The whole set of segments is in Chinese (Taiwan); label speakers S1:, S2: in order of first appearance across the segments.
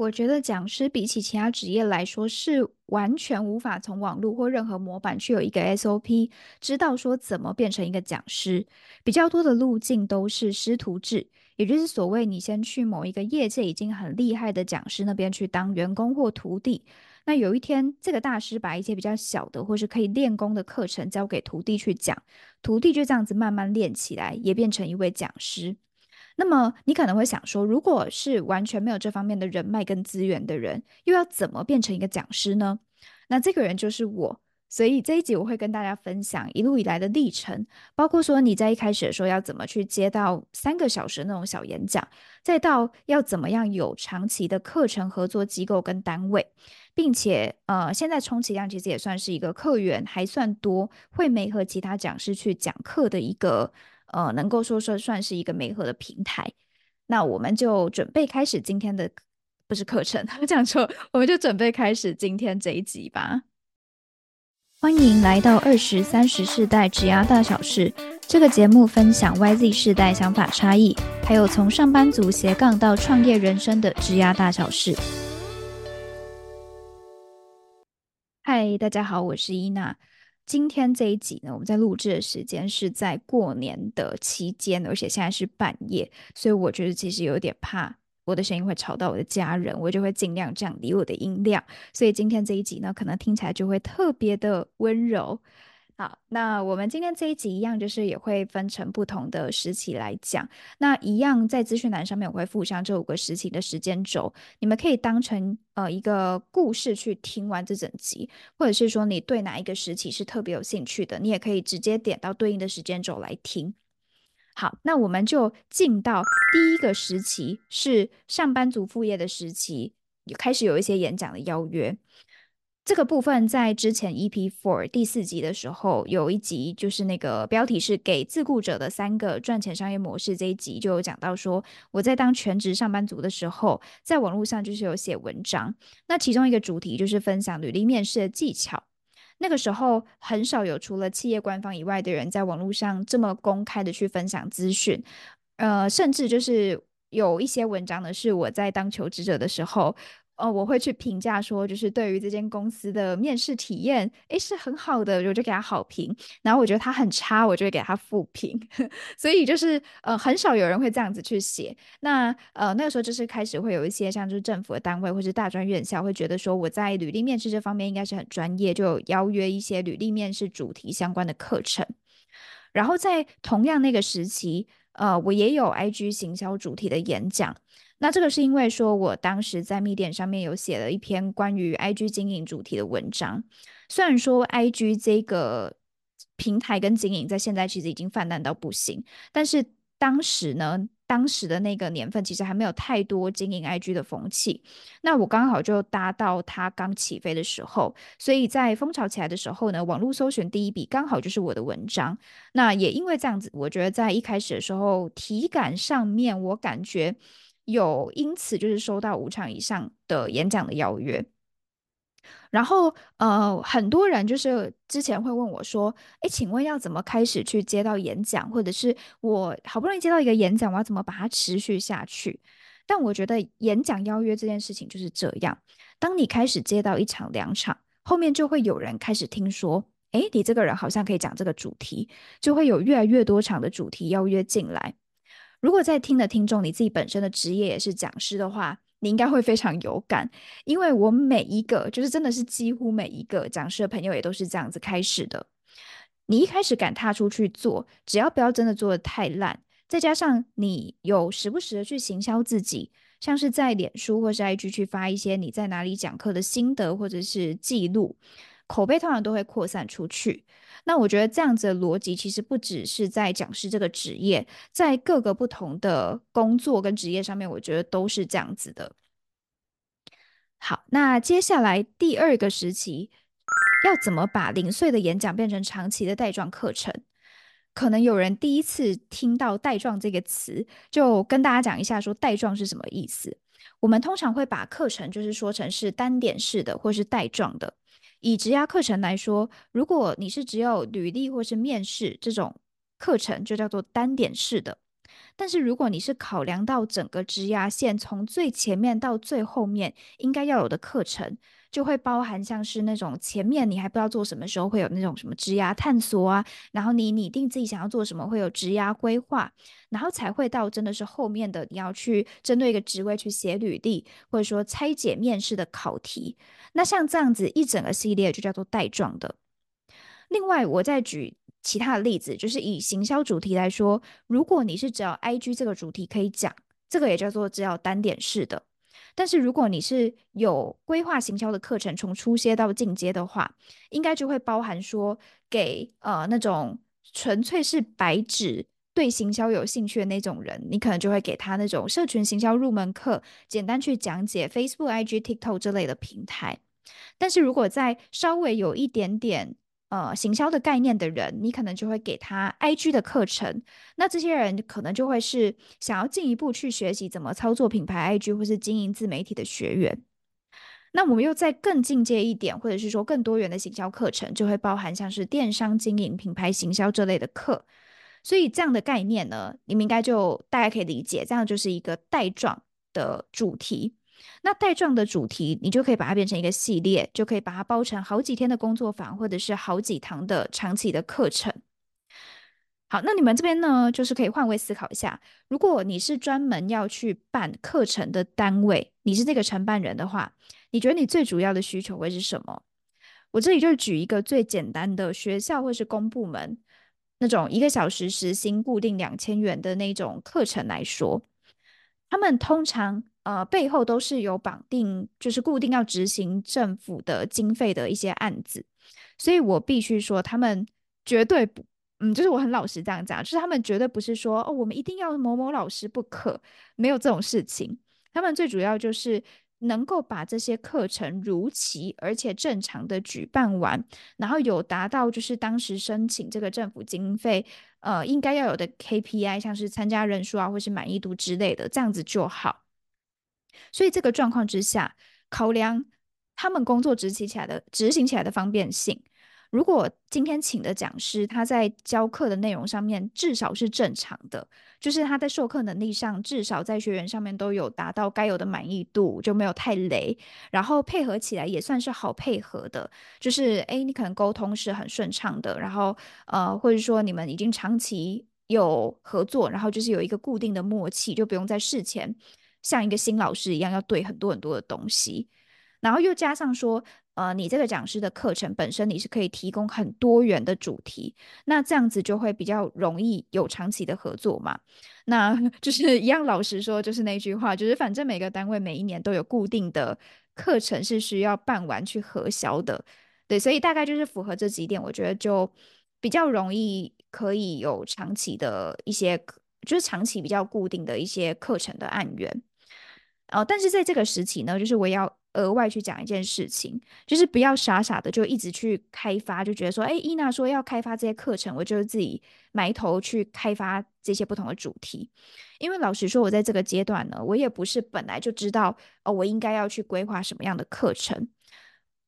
S1: 我覺得講師比起其他職業來說，是完全無法從網絡或任何模板去有一個 SOP，知道說怎麼變成一個講師。比較多的路徑都是師徒制，也就是所謂你先去某一個業界已經很厲害的講師那邊去當員工或徒弟，那有一天這個大師把一些比較小的或是可以練功的課程交給徒弟去講，徒弟就這樣子慢慢練起來，也變成一位講師。那麼你可能會想說，如果是完全沒有這方面的人脈跟資源的人，又要怎麼變成一個講師呢？那這個人就是我，所以這一集我會跟大家分享一路以來的歷程，包括說你在一開始的時候要怎麼去接到三個小時那種小演講，再到要怎麼樣有長期的課程合作機構跟單位，並且呃，現在充其量其實也算是一個客源還算多，會媒合其他講師去講課的一個。呃，能夠說說算是一個媒合的平台，那我們就準備開始今天的不是課程，這樣說，我們就準備開始今天這一集吧。歡迎來到二十三十世代職涯大小室這個節目，分享 Y Z 世代想法差異，還有從上班族斜槓到創業人生的職涯大小室。嗨，大家好，我是伊娜。今天這一集呢，我們在錄製的時間是在過年的期間，而且現在是半夜，所以我覺得其實有點怕我的聲音會吵到我的家人，我就會盡量降低我的音量，所以今天這一集呢，可能聽起來就會特別的溫柔。好，那我們今天這一集一樣，就是也會分成不同的時期來講。那一樣，在資訊欄上面我會附上這五個時期的時間軸，你們可以當成呃一個故事去聽完這整集，或者是說你對哪一個時期是特別有興趣的，你也可以直接點到對應的時間軸來聽。好，那我們就進到第一個時期，是上班族副業的時期，開始有一些演講的邀約。這個部分在之前 EP Four 第四集的時候，有一集就是那個標題是《給自雇者的三個賺錢商業模式》這一集，就有講到說，我在當全職上班族的時候，在網絡上就是有寫文章。那其中一個主題就是分享履歷面試的技巧。那個時候很少有除了企業官方以外的人在網絡上這麼公開的去分享資訊，呃，甚至就是有一些文章呢，是我在當求職者的時候。哦，我會去評價說，就是對於這間公司的面試體驗，誒，是很好的，我就給他好評。然後我覺得他很差，我就會給他負評。所以就是，呃，很少有人會這樣子去寫。那呃，那個時候就是開始會有一些像是政府的單位或是大專院校會覺得說，我在履歷面試這方面應該是很專業，就邀約一些履歷面試主題相關的課程。然後在同樣那個時期，呃，我也有 IG 行銷主題的演講。那這個是因為說，我當時在 Medium 上面有寫了一篇關於 IG 經營主題的文章。雖然說 IG 這個平台跟經營在現在其實已經氾濫到不行，但是當時呢，當時的那個年份其實還沒有太多經營 IG 的風氣。那我剛好就搭到它剛起飛的時候，所以在風潮起來的時候呢，網絡搜尋第一筆剛好就是我的文章。那也因為這樣子，我覺得在一開始的時候體感上面，我感覺。有，因此就是收到五場以上的演講的邀約，然後呃，很多人就是之前會問我說，哎，請問要怎麼開始去接到演講，或者是我好不容易接到一個演講，我要怎麼把它持續下去？但我覺得演講邀約這件事情就是這樣，當你開始接到一場兩場，後面就會有人開始聽說，哎，你這個人好像可以講這個主題，就會有越來越多場的主題邀約進來。如果在聽的聽眾，你自己本身的職業也是講師的話，你應該會非常有感，因為我每一個就是真的是幾乎每一個講師的朋友也都是這樣子開始的。你一開始敢踏出去做，只要不要真的做得太爛，再加上你有時不時的去行銷自己，像是在臉書或是 IG 去發一些你在哪裡講課的心得或者是記錄。口碑通常都會擴散出去，那我覺得這樣子的邏輯其實不只是在講師這個職業，在各個不同的工作跟職業上面，我覺得都是這樣子的。好，那接下來第二個時期要怎麼把零碎的演講變成長期的帶狀課程？可能有人第一次聽到“帶狀”這個詞，就跟大家講一下，說“帶狀”是什麼意思。我們通常會把課程就是說成是單點式的，或是帶狀的。以職涯課程來說，如果你是只有履歷或是面試，這種課程就叫做單點式的。但是如果你是考量到整個職涯線從最前面到最後面應該要有的課程，就會包含像是那種前面你還不知道做什麼時候會有那種什麼職涯探索啊，然後你擬定自己想要做什麼會有職涯規劃，然後才會到真的是後面的你要去針對一個職位去寫履歷，或者說拆解面試的考題，那像這樣子一整個系列就叫做帶狀的。另外，我再舉。其他的例子就是以行銷主題來說，如果你是只要 IG 這個主題可以講，這個也叫做只要單點式的。但是如果你是有規劃行銷的課程，從初階到進階的話，應該就會包含說給呃那種純粹是白紙對行銷有興趣的那種人，你可能就會給他那種社群行銷入門課，簡單去講解 Facebook、IG、TikTok 這類的平台。但是如果再稍微有一點點。呃，行銷的概念的人，你可能就會給他 IG 的課程。那這些人可能就會是想要進一步去學習怎麼操作品牌 IG 或是經營自媒體的學員。那我們又再更進階一點，或者是說更多元的行銷課程，就會包含像是電商經營、品牌行銷這類的課。所以這樣的概念呢，你們應該就大家可以理解，這樣就是一個帶狀的主題。那帶狀的主題，你就可以把它變成一個系列，就可以把它包成好幾天的工作坊，或者是好幾堂的長期的課程。好，那你們這邊呢，就是可以換位思考一下，如果你是專門要去辦課程的單位，你是這個承辦人的話，你覺得你最主要的需求會是什麼？我這裡就舉一個最簡單的學校或是公部門那種一個小時時薪固定兩千元的那種課程來說，他們通常，呃，背後都是有綁定，就是固定要執行政府的經費的一些案子，所以我必須說，他們絕對不，嗯，就是我很老實這樣講，就是他們絕對不是說，哦，我們一定要某某老師不可，沒有這種事情。他們最主要就是能夠把這些課程如期而且正常的舉辦完，然後有達到就是當時申請這個政府經費，呃，應該要有的 KPI，像是參加人數啊或是滿意度之類的，這樣子就好。所以這個狀況之下，考量他們工作執行起來的執行起來的方便性，如果今天請的講師他在教課的內容上面至少是正常的，就是他在授課能力上至少在學員上面都有達到該有的滿意度，就沒有太雷，然後配合起來也算是好配合的，就是誒，你可能溝通是很順暢的，然後呃，或者說你們已經長期有合作，然後就是有一個固定的默契，就不用在事前。像一個新老師一樣，要對很多很多的東西，然後又加上說，呃，你這個講師的課程本身你是可以提供很多元的主題，那這樣子就會比較容易有長期的合作嘛。那就是一樣老實說，就是那句話，就是反正每個單位每一年都有固定的課程是需要辦完去核銷的，對，所以大概就是符合這幾點，我覺得就比較容易可以有長期的一些，就是長期比較固定的一些課程的案源。哦，但是在這個時期呢，就是我要額外去講一件事情，就是不要傻傻的就一直去開發，就覺得說，哎，伊娜說要開發這些課程，我就是自己埋頭去開發這些不同的主題，因為老實說，我在這個階段呢，我也不是本來就知道，哦，我應該要去規劃什麼樣的課程，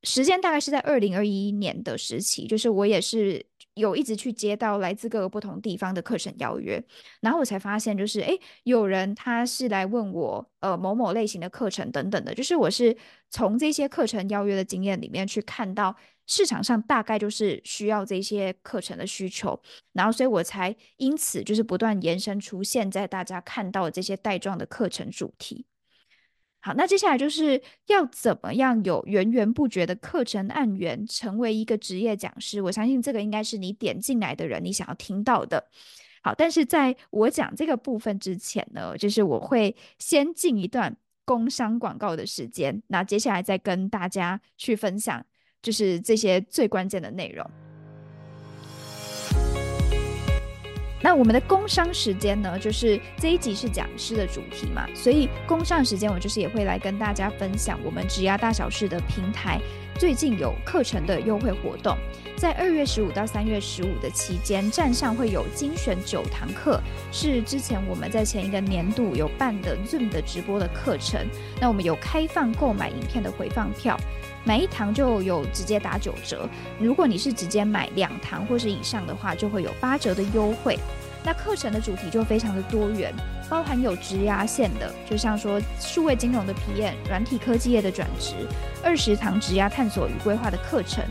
S1: 時間大概是在2021年的時期，就是我也是。有一直去接到來自各個不同地方的課程邀約，然後我才發現，就是哎，有人他是來問我，呃，某某類型的課程等等的，就是我是從這些課程邀約的經驗裡面去看到市場上大概就是需要這些課程的需求，然後所以我才因此就是不斷延伸出現在大家看到的這些帶狀的課程主題。好，那接下來就是要怎麼樣有源源不絕的課程案源，成為一個職業講師。我相信這個應該是你點進來的人，你想要聽到的。好，但是在我講這個部分之前呢，就是我會先進一段工商廣告的時間，那接下來再跟大家去分享，就是這些最關鍵的內容。那我們的工商時間呢，就是這一集是講師的主題嘛，所以工商時間我就是也會來跟大家分享我們職涯大小室的平台最近有課程的優惠活動，在二月十五到三月十五的期間，站上會有精選九堂課，是之前我們在前一個年度有辦的 Zoom 的直播的課程，那我們有開放購買影片的回放票。買一堂就有直接打九折，如果你是直接買兩堂或是以上的話，就會有八折的優惠。那課程的主題就非常的多元，包含有職涯線的，就像說數位金融的 PM、軟體科技業的轉職、二十堂職涯探索與規劃的課程，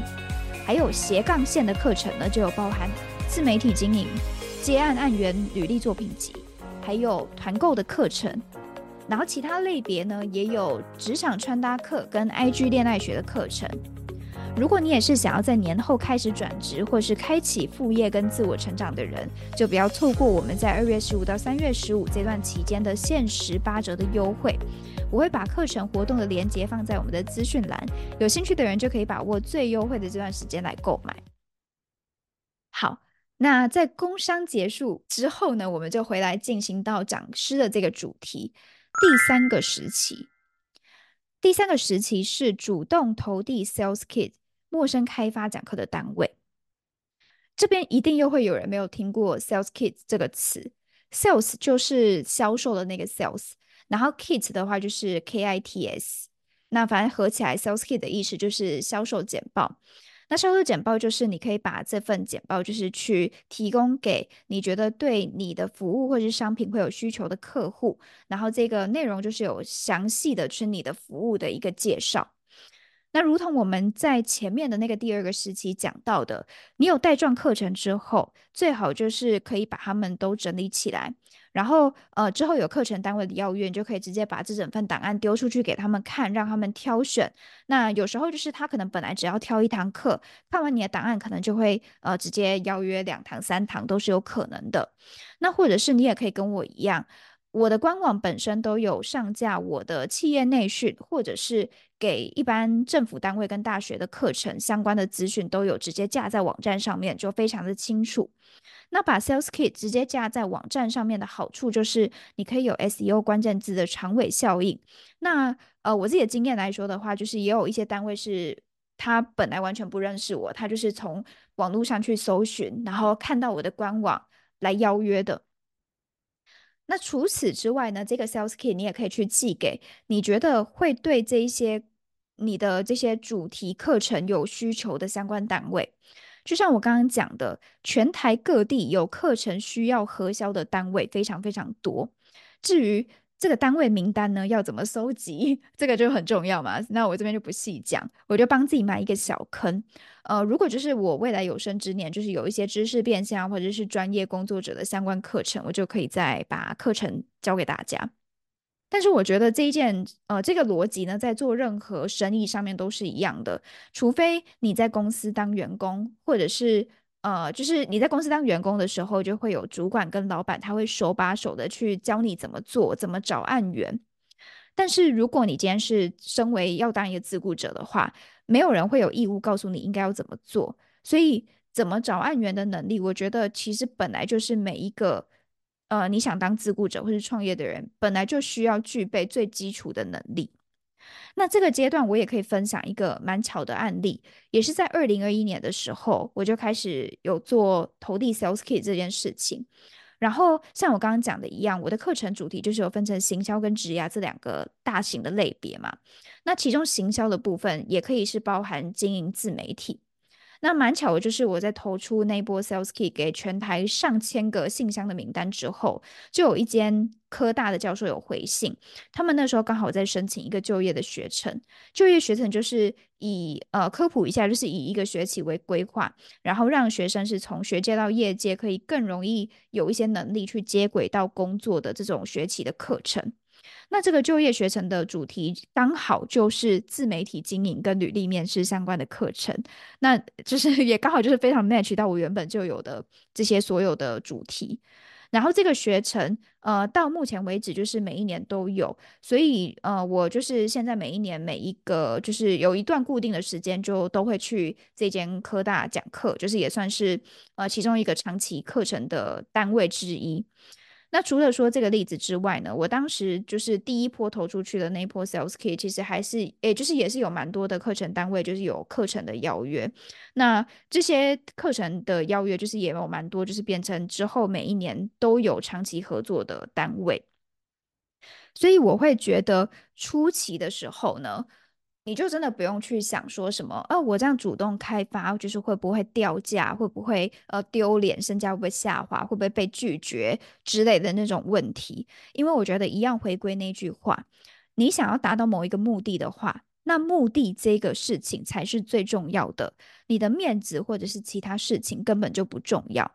S1: 還有斜槓線的課程呢，就有包含自媒體經營、接案案源、履歷作品集，還有團購的課程。然後其他類別呢，也有職場穿搭課跟 IG 戀愛學的課程。如果你也是想要在年後開始轉職或是開啟副業跟自我成長的人，就不要錯過我們在二月十五到三月十五這段期間的限時八折的優惠。我會把課程活動的連接放在我們的資訊欄，有興趣的人就可以把握最優惠的這段時間來購買。好，那在工商結束之後呢，我們就回來進行到講師的這個主題。第三個時期，第三個時期是主動投遞 sales kit，陌生開發講課的單位。這邊一定又會有人沒有聽過 sales kit 這個詞，sales 就是銷售的那個 sales，然後 kit 的話就是 k i t s，那反正合起來 sales kit 的意思就是銷售簡報。那銷售簡報就是你可以把這份簡報，就是去提供給你覺得對你的服務或者是商品會有需求的客戶，然後這個內容就是有詳細的是你的服務的一個介紹。那如同我們在前面的那個第二個時期講到的，你有帶狀課程之後，最好就是可以把它們都整理起來。然後，呃，之後有課程單位的邀約，你就可以直接把這整份檔案丟出去給他們看，讓他們挑選。那有時候就是他可能本來只要挑一堂課，看完你的檔案可能就會，呃，直接邀約兩堂、三堂都是有可能的。那或者是你也可以跟我一樣。我的官網本身都有上架我的企業內訓，或者是給一般政府單位跟大學的課程相關的資訊都有直接架在網站上面，就非常的清楚。那把 sales kit 直接架在網站上面的好處，就是你可以有 SEO 關鍵字的長尾效應。那呃，我自己的經驗來說的話，就是也有一些單位是他本來完全不認識我，他就是從網絡上去搜尋，然後看到我的官網來邀約的。那除此之外呢，這個 sales kit 你也可以去寄給你覺得會對這一些你的這些主題課程有需求的相關單位。就像我剛剛講的，全台各地有課程需要核銷的單位非常非常多，至於這個單位名單呢，要怎麼搜集？這個就很重要嘛。那我這邊就不細講，我就幫自己埋一個小坑。呃，如果就是我未來有生之年，就是有一些知識變現或者是專業工作者的相關課程，我就可以再把課程教給大家。但是我覺得這一件，呃，這個邏輯呢，在做任何生意上面都是一樣的，除非你在公司當員工，或者是。呃，就是你在公司當員工的時候，就會有主管跟老闆，他會手把手的去教你怎麼做，怎麼找案源。但是如果你今天是身為要當一個自雇者的話，沒有人會有義務告訴你應該要怎麼做。所以，怎麼找案源的能力，我覺得其實本來就是每一個呃，你想當自雇者或是創業的人，本來就需要具備最基礎的能力。那這個階段，我也可以分享一個蠻巧的案例，也是在二零二一年的時候，我就開始有做投遞 Sales Kit 這件事情。然後像我剛剛講的一樣，我的課程主題就是有分成行銷跟職涯這兩個大型的類別嘛。那其中行銷的部分，也可以是包含經營自媒體。那蠻巧的，就是我在投出那波 sales kit 給全台上千個信箱的名單之後，就有一間科大的教授有回信。他們那時候剛好在申請一個就業的學程，就業學程就是以呃科普一下，就是以一個學期為規劃，然後讓學生是從學界到業界可以更容易有一些能力去接軌到工作的這種學期的課程。那這個就業學程的主題剛好就是自媒體經營跟履歷面試相關的課程，那就是也剛好就是非常 match 到我原本就有的這些所有的主題。然後這個學程，呃，到目前為止就是每一年都有，所以呃，我就是現在每一年每一個就是有一段固定的時間就都會去這間科大講課，就是也算是呃其中一個長期課程的單位之一。那除了說這個例子之外呢，我當時就是第一波投出去的那一波 sales kit，其實還是誒，就是也是有蠻多的課程單位，就是有課程的邀約。那這些課程的邀約，就是也有蠻多，就是變成之後每一年都有長期合作的單位。所以我會覺得初期的時候呢。你就真的不用去想說什麼，啊，我這樣主動開發就是會不會掉價，會不會呃丟臉，身價會不會下滑，會不會被拒絕之類的那種問題。因為我覺得一樣，回歸那句話，你想要達到某一個目的的話，那目的這個事情才是最重要的，你的面子或者是其他事情根本就不重要。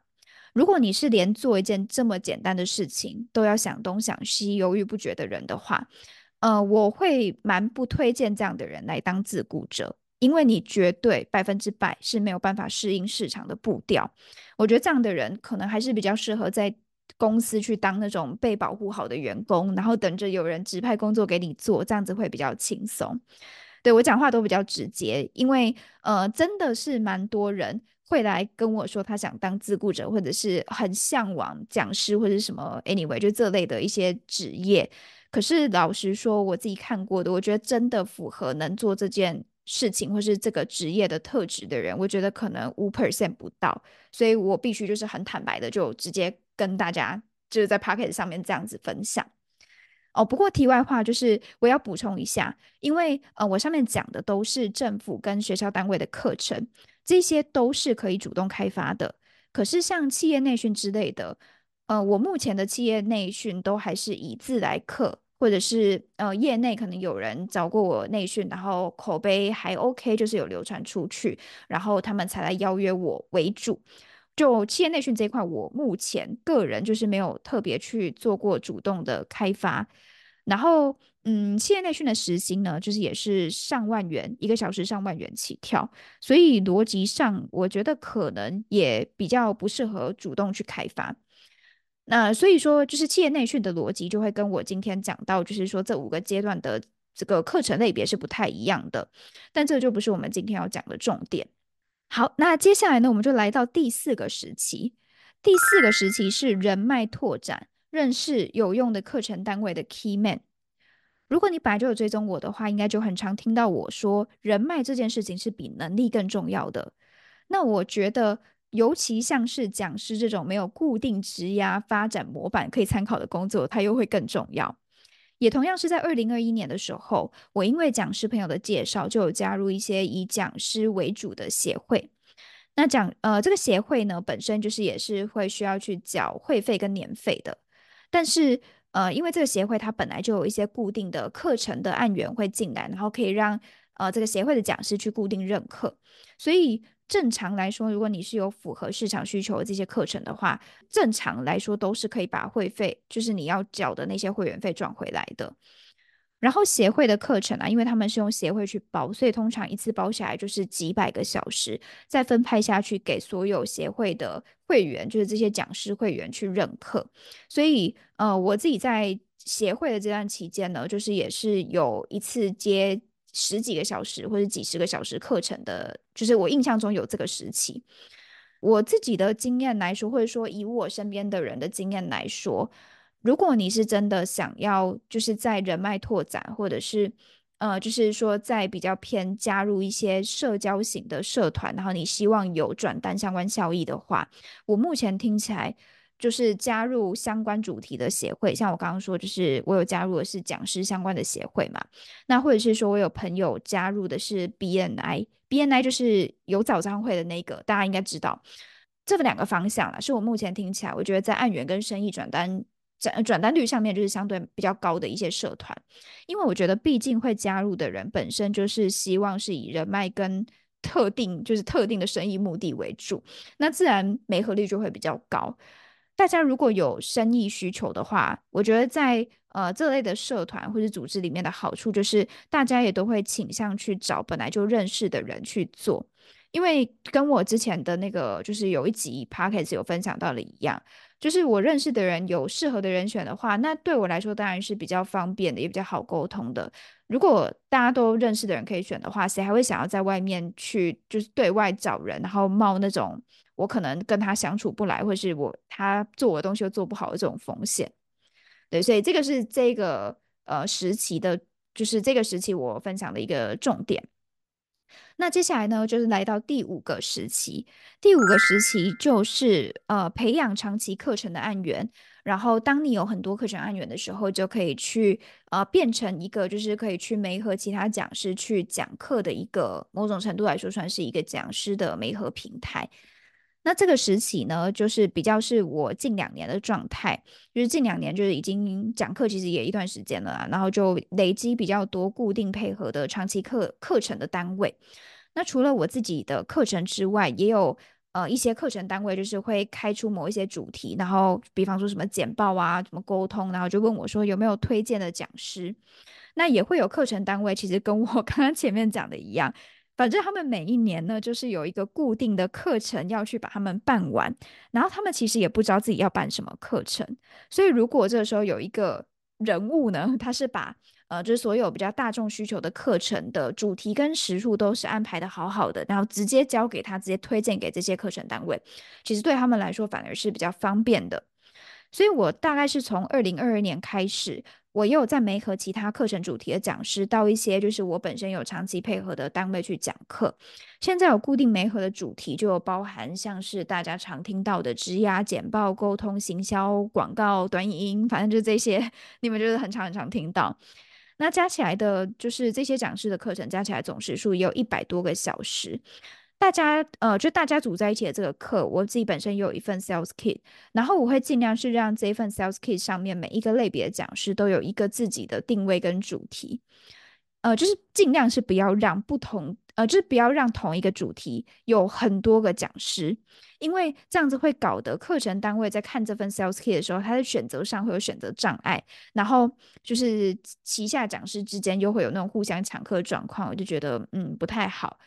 S1: 如果你是連做一件這麼簡單的事情都要想東想西，猶豫不決的人的話，呃，我會蠻不推薦這樣的人來當自雇者，因為你絕對百分之百是沒有辦法適應市場的步調。我覺得這樣的人可能還是比較適合在公司去當那種被保護好的員工，然後等着有人指派工作給你做，這樣子會比較輕鬆。對，我講話都比較直接，因為呃，真的是蠻多人會來跟我說他想當自雇者，或者是很向往講師或者是什麼，anyway，就這類的一些職業。可是老實說，我自己看過的，我覺得真的符合能做這件事情或是這個職業的特質的人，我覺得可能五 percent 不到，所以我必須就是很坦白的，就直接跟大家就是在 podcast 上面這樣子分享。哦，不過題外話就是我要補充一下，因為呃，我上面講的都是政府跟學校單位的課程，這些都是可以主動開發的，可是像企業內訓之類的。呃，我目前的企業內訓都還是以自來客，或者是呃，業內可能有人找過我內訓，然後口碑還 OK，就是有流傳出去，然後他們才來邀約我為主。就企業內訓這一塊，我目前個人就是沒有特別去做過主動的開發。然後，嗯，企業內訓的時薪呢，就是也是上萬元，一個小時上萬元起跳，所以邏輯上我覺得可能也比較不適合主動去開發。那所以說，就是企業內訓的邏輯就會跟我今天講到，就是說這五個階段的這個課程類別是不太一樣的，但這就不是我們今天要講的重點。好，那接下來呢，我們就來到第四個時期。第四個時期是人脈拓展，認識有用的課程單位的 key man。如果你本來就有追蹤我的話，應該就很常聽到我說，人脈這件事情是比能力更重要的。那我覺得。尤其像是講師這種沒有固定職涯發展模板可以參考的工作，它又會更重要。也同樣是在二零二一年的時候，我因為講師朋友的介紹，就有加入一些以講師為主的協會。那講呃，這個協會呢，本身就是也是會需要去繳會費跟年費的。但是呃，因為這個協會它本來就有一些固定的課程的案源會進來，然後可以讓呃這個協會的講師去固定認課，所以。正常來說，如果你是有符合市場需求的這些課程的話，正常來說都是可以把會費，就是你要繳的那些會員費賺回來的。然後協會的課程啊，因為他們是用協會去包，所以通常一次包下來就是幾百個小時，再分派下去給所有協會的會員，就是這些講師會員去認課。所以，呃，我自己在協會的這段期間呢，就是也是有一次接。十幾個小時或者幾十個小時課程的，就是我印象中有這個時期。我自己的經驗來說，或者說以我身邊的人的經驗來說，如果你是真的想要，就是在人脈拓展，或者是呃，就是說在比較偏加入一些社交型的社團，然後你希望有轉單相關效益的話，我目前聽起來，就是加入相關主題的協會，像我剛剛說，就是我有加入的是講師相關的協會嘛。那或者是說我有朋友加入的是 BNI，BNI 就是有早餐會的那個，大家應該知道。這兩個方向啊，是我目前聽起來，我覺得在案源跟生意轉單轉轉單率上面，就是相對比較高的一些社團。因為我覺得，畢竟會加入的人本身就是希望是以人脈跟特定就是特定的生意目的為主，那自然媒合率就會比較高。大家如果有生意需求的話，我覺得在呃這類的社團或者組織裡面的好處，就是大家也都會傾向去找本來就認識的人去做，因為跟我之前的那個就是有一集 podcast 有分享到的一樣，就是我認識的人有適合的人選的話，那對我來說當然是比較方便的，也比較好溝通的。如果大家都認識的人可以選的話，誰還會想要在外面去就是對外找人，然後冒那種？我可能跟他相處不來，或是我他做我的東西又做不好的這種風險，對，所以這個是這個呃時期的，就是這個時期我分享的一個重點。那接下來呢，就是來到第五個時期。第五個時期就是呃培養長期課程的案源，然後當你有很多課程案源的時候，就可以去呃變成一個就是可以去媒合其他講師去講課的一個某種程度來說算是一個講師的媒合平台。那這個時期呢，就是比較是我近兩年的狀態，就是近兩年就是已經講課其實也一段時間了，然後就累積比較多固定配合的長期課課程的單位。那除了我自己的課程之外，也有呃一些課程單位就是會開出某一些主題，然後比方說什麼簡報啊，什麼溝通，然後就問我說有沒有推薦的講師。那也會有課程單位，其實跟我剛剛前面講的一樣。反正他們每一年呢，就是有一個固定的課程要去把他們辦完，然後他們其實也不知道自己要辦什麼課程，所以如果這個時候有一個人物呢，他是把呃就是所有比較大眾需求的課程的主題跟時數都是安排得好好的，然後直接交給他，直接推薦給這些課程單位，其實對他們來說反而是比較方便的，所以我大概是從二零二二年開始。我也有在媒合其他課程主題的講師到一些就是我本身有長期配合的單位去講課。現在有固定媒合的主題，就有包含像是大家常聽到的職涯、簡報、溝通、行銷、廣告、短影音，反正就是這些，你們就是很常很常聽到。那加起來的就是這些講師的課程加起來總時數也有一百多個小時。大家呃，就大家組在一起的這個課，我自己本身有一份 sales kit，然後我會儘量是讓這一份 sales kit 上面每一個類別的講師都有一個自己的定位跟主題，呃，就是儘量是不要讓不同，呃，就是不要讓同一個主題有很多個講師，因為這樣子會搞得課程單位在看這份 sales kit 的時候，他的選擇上會有選擇障礙，然後就是旗下講師之間又會有那種互相搶課的狀況，我就覺得嗯不太好。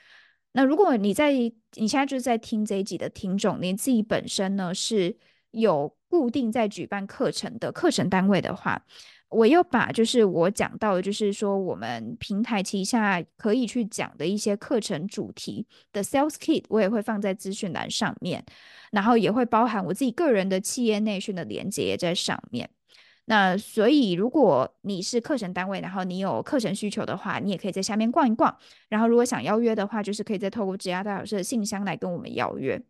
S1: 那如果你在你現在就是在聽這一集的聽眾，你自己本身呢，是有固定在舉辦課程的課程單位的話，我又把就是我講到的就是說我們平台旗下可以去講的一些課程主題的 sales kit，我也會放在資訊欄上面，然後也會包含我自己個人的企業內訓的連接也在上面。那所以，如果你是課程單位，然後你有課程需求的話，你也可以在下面逛一逛。然後，如果想邀約的話，就是可以再透過職涯大小室的信箱來跟我們邀約。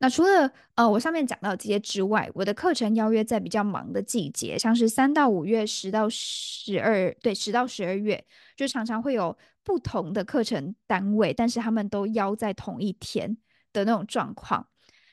S1: 那除了呃，我上面講到這些之外，我的課程邀約在比較忙的季節，像是三到五月、十到十二，對，十到十二月，就常常會有不同的課程單位，但是他們都邀在同一天的那種狀況。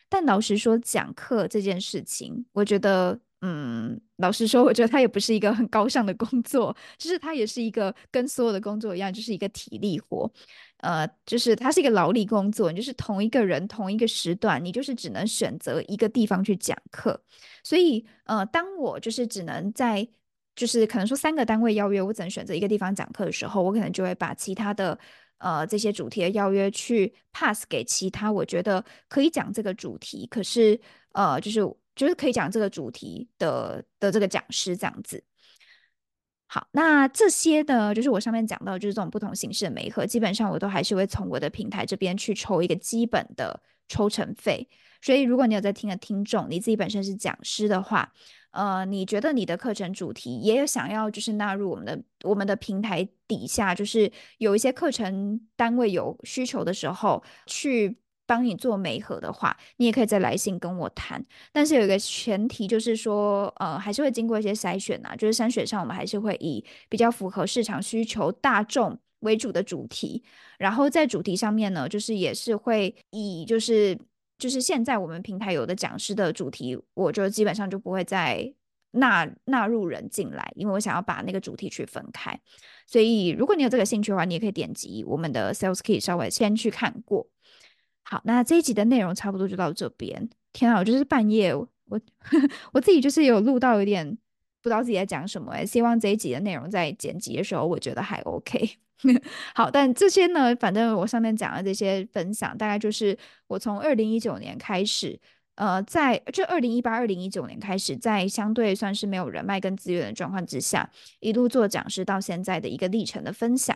S1: 但老實說，講課這件事情，我覺得。嗯，老實說，我覺得它也不是一個很高尚的工作，就是它也是一個跟所有的工作一樣，就是一個體力活，呃，就是它是一個勞力工作，你就是同一個人、同一個時段，你就是只能選擇一個地方去講課。所以，呃，當我就是只能在，就是可能說三個單位邀約，我只能選擇一個地方講課的時候，我可能就會把其他的，呃，這些主題的邀約去 pass 給其他，我覺得可以講這個主題，可是，呃，就是。就是可以講這個主題的的這個講師這樣子。好，那這些呢，就是我上面講到，就是這種不同形式的媒合，基本上我都還是會從我的平台這邊去抽一個基本的抽成費。所以，如果你有在聽的聽眾，你自己本身是講師的話，呃，你覺得你的課程主題也有想要就是納入我們的我們的平台底下，就是有一些課程單位有需求的時候去。幫你做媒合的話，你也可以再來信跟我談。但是有一個前提，就是說，呃，還是會經過一些篩選吶、啊。就是篩選上，我們還是會以比較符合市場需求、大眾為主的主題。然後在主題上面呢，就是也是會以就是就是現在我們平台有的講師的主題，我就基本上就不會再納納入人進來，因為我想要把那個主題去分開。所以，如果你有這個興趣的話，你也可以點擊我們的 sales kit，稍微先去看過。好，那這一集的內容差不多就到這邊。天啊，我就是半夜我我自己就是有錄到有點不知道自己在講什麼哎。希望這一集的內容在剪輯的時候我覺得還 OK。 好，但這些呢，反正我上面講的這些分享，大概就是我從二零一九年開始，呃，在這二零一八二零一九年開始，在相對算是沒有人脈跟資源的狀況之下，一路做講師到現在的一個歷程的分享。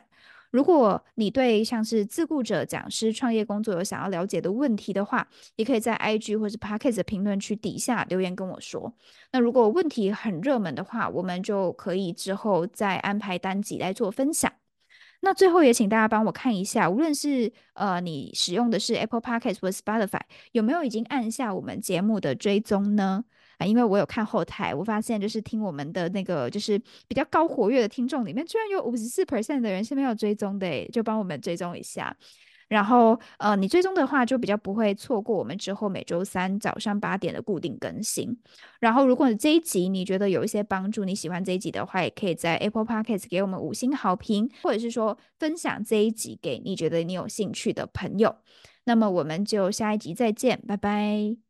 S1: 如果你對像是自僱者、講師、創業工作有想要了解的問題的話，你可以在 IG 或是 Podcast 的評論區底下留言跟我說。那如果問題很熱門的話，我們就可以之後再安排單集來做分享。那最後也請大家幫我看一下，無論是呃你使用的是 Apple Podcast 或 Spotify，有沒有已經按下我們節目的追蹤呢？啊，因為我有看後台，我發現就是聽我們的那個就是比較高活躍的聽眾裡面，居然有五十四 percent 的人是沒有追蹤的，就幫我們追蹤一下。然後，呃，你追蹤的話就比較不會錯過我們之後每周三早上八點的固定更新。然後，如果你這一集你覺得有一些幫助，你喜歡這一集的話，也可以在 Apple Podcast 給我們五星好評，或者是說分享這一集給你覺得你有興趣的朋友。那麼，我們就下一集再見，拜拜。